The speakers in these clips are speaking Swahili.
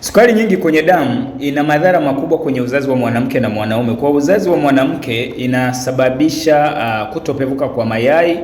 Sukari nyingi kwenye damu ina madhara makubwa kwenye uzazi wa mwanamke na mwanaume. Kwa uzazi wa mwanamke inasababisha uh, kutopevuka kwa mayai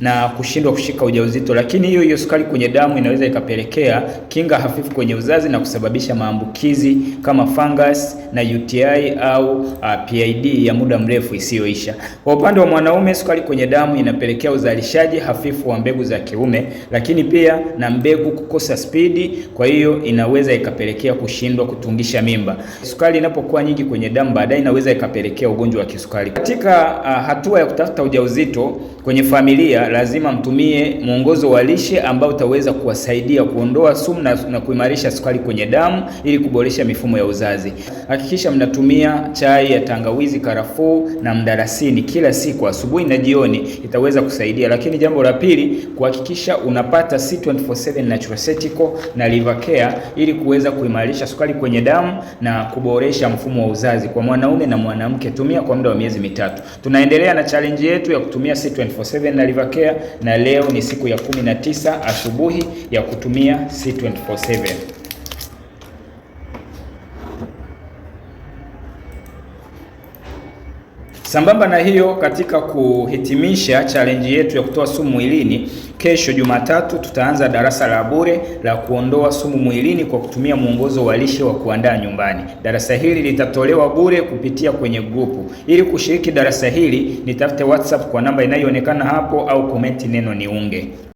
na kushindwa kushika ujauzito, lakini hiyo hiyo sukari kwenye damu inaweza ikapelekea kinga hafifu kwenye uzazi na kusababisha maambukizi kama fungus na UTI au uh, PID ya muda mrefu isiyoisha. Kwa upande wa mwanaume, sukari kwenye damu inapelekea uzalishaji hafifu wa mbegu za kiume, lakini pia na mbegu kukosa spidi, kwa hiyo inaweza ikapelekea kushindwa kutungisha mimba. Sukari inapokuwa nyingi kwenye damu, baadaye inaweza ikapelekea ugonjwa wa kisukari. Katika uh, hatua ya kutafuta ujauzito kwenye familia lazima mtumie mwongozo wa lishe ambao utaweza kuwasaidia kuondoa sumu na, na kuimarisha sukari kwenye damu ili kuboresha mifumo ya uzazi. Hakikisha mnatumia chai ya tangawizi, karafuu na mdalasini kila siku asubuhi na jioni, itaweza kusaidia. Lakini jambo la pili, kuhakikisha unapata C24/7 Nutraceutical na Liver Care ili kuweza kuimarisha sukari kwenye damu na kuboresha mfumo wa uzazi kwa mwanaume na mwanamke. Tumia kwa muda wa miezi mitatu. Tunaendelea na challenge yetu ya kutumia C24/7 na Liver kutokea, na leo ni siku ya 19 asubuhi ya kutumia C247. Sambamba na hiyo, katika kuhitimisha challenge yetu ya kutoa sumu mwilini, kesho Jumatatu tutaanza darasa la bure la kuondoa sumu mwilini kwa kutumia mwongozo wa lishe wa kuandaa nyumbani. Darasa hili litatolewa bure kupitia kwenye grupu. Ili kushiriki darasa hili, nitafute WhatsApp kwa namba inayoonekana hapo au komenti neno niunge.